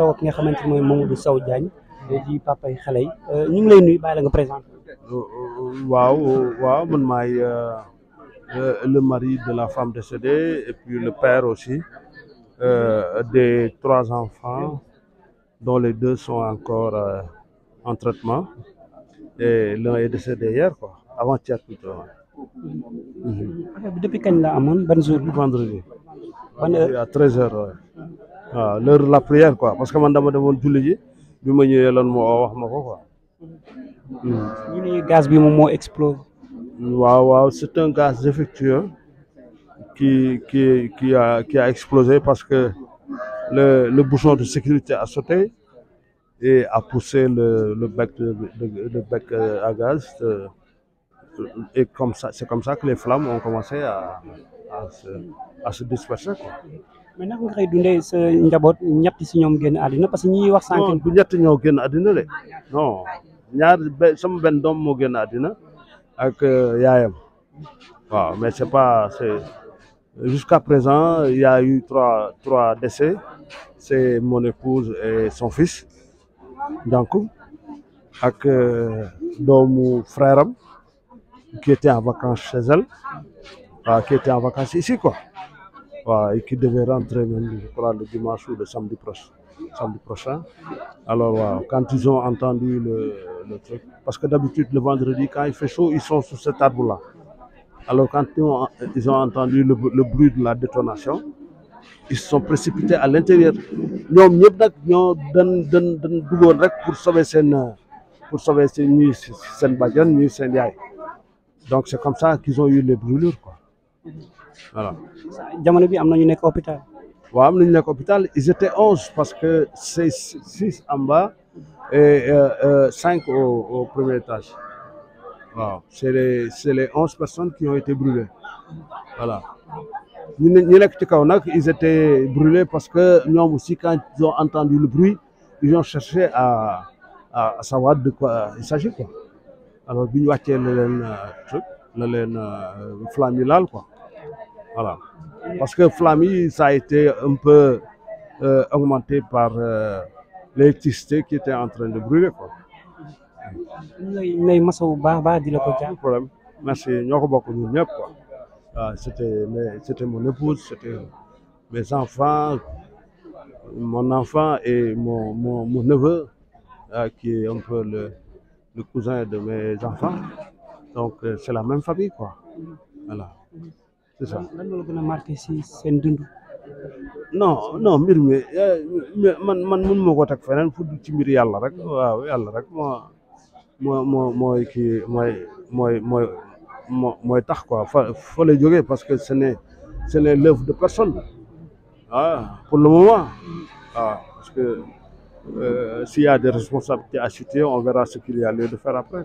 toog ki nga xamante ni mooy Mamadou Sow Diagne di papay xale yi euh, ñu ngi lay nuyu bàyyi la nga présenté. waaw waaw man maay euh, euh, le mari de la femme décédée et le père aussi euh, trois enfants dont les deux sont encore euh, en traitement et l'un est décédé hier quoi avant-hier plutôt. depuis kañ la amoon ban jour. vendredi. ban heure à treize heures. waaw l'heure la prière parce que man dama demoon julli ji bi ma ñëwee lan moo wax ma ko quoi. gaz bi moom moo explo hmm, waaw waaw c'est un gaz défectueux qui qui a explosé parce que le le bouchon de sécurité a sauté et a poussé le le bec de, euh, à gaz euh, comme ça c'est comme ça que les flammes ont commencé à à se disperser quoi. mais naka nga dundee sa njaboot ñett si ñoom génn àddina parce que ñi wax. sànq du ñett ñoo génn àddina de non ñaar sama benn doom moo génn àddina ak euh, yaayam waaw mais c'est pas c'est jusqu'à présent il y a eu trois trois décès c'est mon épouse et son fils donc ak euh, doomu frère am qui en vacances chez elle waaw qui était en vacances ici quoi. voilà, et qui devait rentrer même, je crois, le dimanche ou le samedi prochain. Samedi prochain. Alors, voilà, quand ils le, le parce que d'habitude, le vendredi, quand il fait chaud, ils sont sous cet arbre-là. Alors, quand ils ont, entendu le, le, bruit de la détonation, ils se sont précipités à l'intérieur. ñoom ñëpp nag ñoo dan dan dan duggoon rek pour sauver seen donc c'est comme ça qu'ils ont eu les brûlures quoi voilà jamono bi am na ñu nekk hôpital. waaw am na ñu nekk hôpital ils étaient onze parce que c'est six en bas et euh, euh, cinq au au premier étage waaw c'est les les onze personnes qui ont été brûlées voilà ñu ne ñu nekk ci kaw nag ils étaient brûlés parce que ñoom aussi quand ils ont entendu le bruit ils ont cherché à à savoir de quoi il s'agit quoi alors bi ñu wàccee la leen euh, truc la leen laal quoi. Voilà. Parce que Flamy, ça a été un peu euh, augmenté par euh, l'électricité qui était en train de brûler. Quoi. problème. Merci. Ah, c'était mon épouse, c'était mes enfants, et mon, mon, mon euh, un peu le, le cousin de mes enfants. Donc, euh, c'est la même famille, quoi. Voilà. c'est ça lan la gën a marqué si seen dund. non non mbir mi eh, man man mun ma ko teg feneen fu ci mbir yàlla rek waaw yàlla rek moo moo moo mooy kii mooy mooy mooy mooy tax quoi fa fa lay jógee parce que ce n'est ce n'est l'œuvre de personne ah pour le moment waaw ah, parce que euh, s'il y a des responsabilités à chuter on verra ce qu'il y a lieu de faire après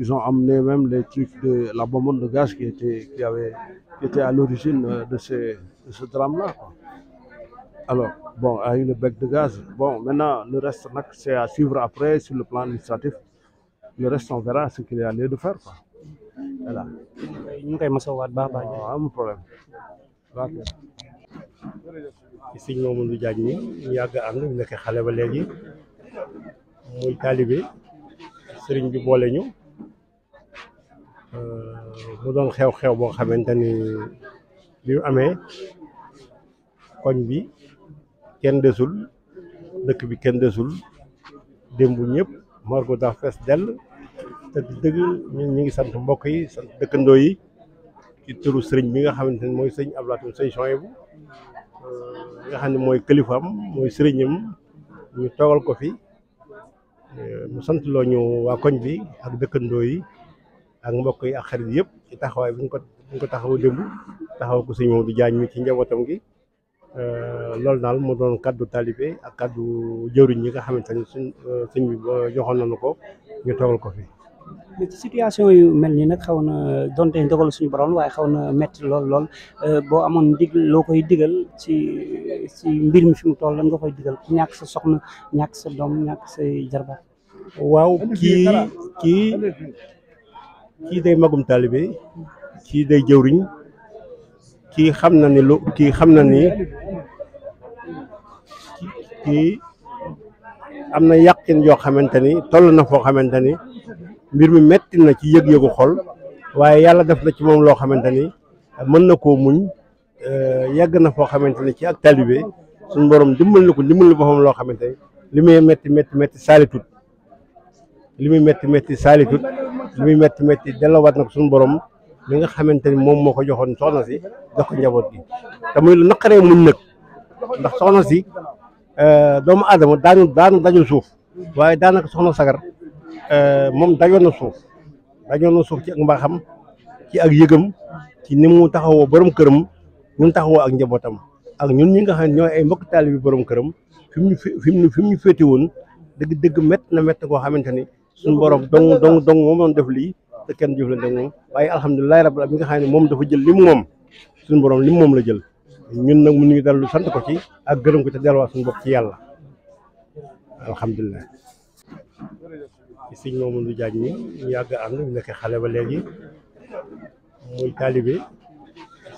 Ils ont amené même les trucs de la de gaz qui était, à l'origine euh, de, ce drame-là. Alors, bon, avec le bec de gaz, bon, maintenant, le reste, c'est à suivre après sur le plan administratif. Le reste, on verra ce qu'il est allé de faire. Quoi. Voilà. waaw amul problème. ci sëñ Mamadou Diagne mi ñu yàgg a ànd ñu nekk xale ba léegi muy taalibe sëriñ bi boole ñu. Euh, mu doon xew-xew boo xamante ni bi amee koñ bi kenn desul dëkk bi kenn desul démb ñëpp morgue daa fees dell te dëgg ñu ngi sant mbokk yi sant dëkkandoo yi ci turu sëriñ bi nga xamante ni mooy sëñ Ablatou sëñ Chouaïbou bi euh, nga xam ne mooy kilifaam mooy sëriñam ñu toogal ko fi euh, mu sant loo ñu waa koñ bi ak dëkkandoo yi ak mbokk yi ak xarit yëpp ci taxawaay bu ñu ko bu ñu ko taxaw démb taxaw ko sëñ Modou Diagne mi ci njabootam gi euh, loolu daal mu doon kaddu talibé ak kaddu jëwriñ yi nga xamante ne suñ euh, sëñ bi joxoon ko ñu toogal ko fi. situation yu mel nii nag xaw na donte dogal suñu borom waaye xaw na métti lool lool euh, boo amoon dig loo koy digal ci ci mbir mi fi mu toll lan nga koy digal ñàkk sa soxna ñàkk sa doom ñàkk say jarbaat. waaw kii. kii day magum taalibe kii day jëwriñ kii xam na ni lu kii xam na ni kii am na yàqin yoo xamante ni toll na foo xamante ni mbir mi metti na ci yëg-yëgu xol waaye yàlla def na ci moom loo xamante ni mën na koo muñ euh, yàgg na foo xamante ni ci ak taalibe suñ borom dimbal na ko dimbal boppam loo xamante ni li muy metti metti metti saalitut li muy metti metti saalitut lu muy métti métti delloowaat na ko suñu borom mi nga xamante ni moom moo ko joxoon soxna si jox ko njaboot gi te muy lu naqaree muñ nag ndax soxna si euh, doomu adama daanu daanu dajul suuf waaye daanaka soxna sagar euh, moom dajoon na suuf dajoon na suuf ci ak mbaaxam ci ak yëgam ci ni mu taxawoo borom këram ni mu taxawoo ak njabootam ak ñun ñi nga ñoo ay mbokk taalibi borom këram fi mu fi mu fi mu ñu féete woon dëgg-dëgg métti na métti koo xamante ni. suñu borom dong dong dong moom doon def lii te kenn jëflante ak moom waaye alhamdulilahi la bi nga xam ne moom dafa jël li mu moom suñ boroom li moom la jël ñun nag mu mënuñu lu sant ko ci ak gërëm ko ci delluwaat suñu bopp ci yàlla alhamdulilah ci sëñ moomu lu jaaj mi ñu yàgg ànd ñu nekk xale ba léegi muy taalibe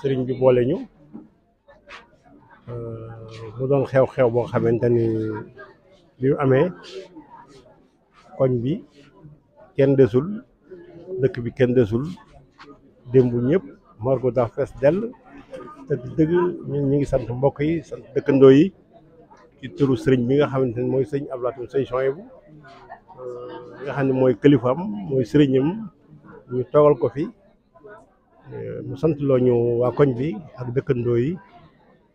sëriñ bi boole ñu mu doon xew-xew boo xamante ni bi amee koñ bi kenn desul dëkk bi kenn desul démb ñëpp margo daa fees dell te dëgg ñun ñu ngi sant mbokk yi sant dëkkandoo yi ci turu sëriñ bi nga xamante ne mooy sëñ Ablatou sëñ Chouaïbou nga xam ne mooy kilifaam mooy sëriñam ñu toogal ko fi euh, mu sant loo ñu waa koñ bi ak dëkkandoo yi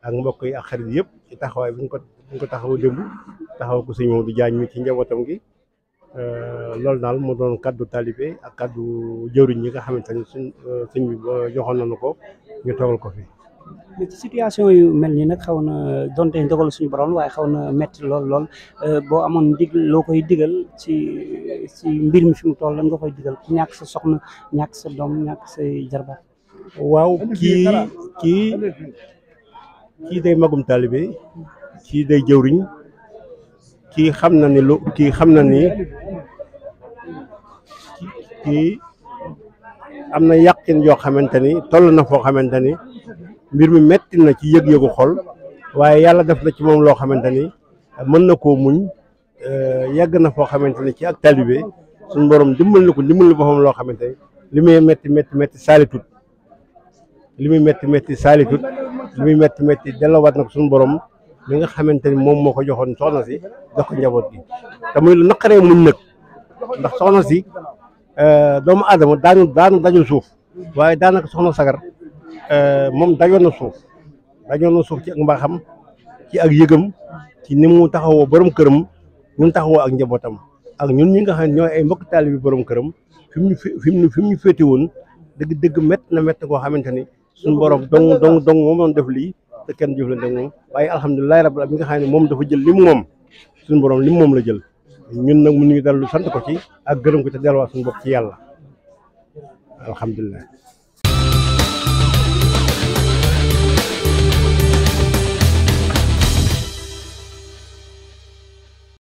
ak mbokk yi ak xarit yëpp ci taxawaay bi ñu ko bi ñu ko taxaw démb taxaw ko sëñ Maodo Diagne mi ci njabootam gi Euh, loolu daal mu doon kàddu talibé ak kàddu jëriñ yi nga xamante ni suñ euh, suñ bi euh, joxoon nañu ko ñu toogal ko fi. mais ci situation yi mel nii nag xaw na donte ndogal suñu borom waaye xaw na métti lool lool boo amoon dig loo koy digal ci ci mbir mi fi mu toll lan nga koy digal ku ñàkk sa soxna ñàkk sa doom ñàkk sa jarbaat. waaw kii kii kii day magum talibé kii day jëwriñ kii xam na ni lu kii xam na ni kii am na yàqin yoo xamante ni toll na foo xamante ni mbir mi metti na ci yëg-yëgu xol waaye yàlla def na ci moom loo xamante ni mën na koo muñ euh, yàgg na foo xamante ni ci ak talibé suñu borom dimbal na ko dimbal na loo xamante ni li muy metti metti metti li muy metti metti saalitut li muy metti metti delloowaat na ko suñu borom li nga xamante ni moom moo ko joxoon soxna si jox ko njaboot gi te muy lu naqaree muñ nag ndax soxna si euh, doomu adama daanu daanu dajul suuf waaye daanaka soxna sagar euh, moom dajoon na suuf dajoon na suuf ci ak mbaaxam ci ak yëgam ci ni mu taxawoo borom këram ni mu taxawoo ak njabootam ak ñun ñi nga xam ne ñooy borom këram fi fi mu fi mu féete woon dëgg dëgg métt na métt koo xamante ni suñu borom dong dong dong moo def lii te kenn jëflante moom waaye alhamdulilahi rabbil bi nga xam ne moom dafa jël li mu moom suñu borom li moom la jël ñun nag mu mënuñu lu sant ko ci ak gërëm ko ci delluwaat suñu bopp ci yàlla alhamdulilah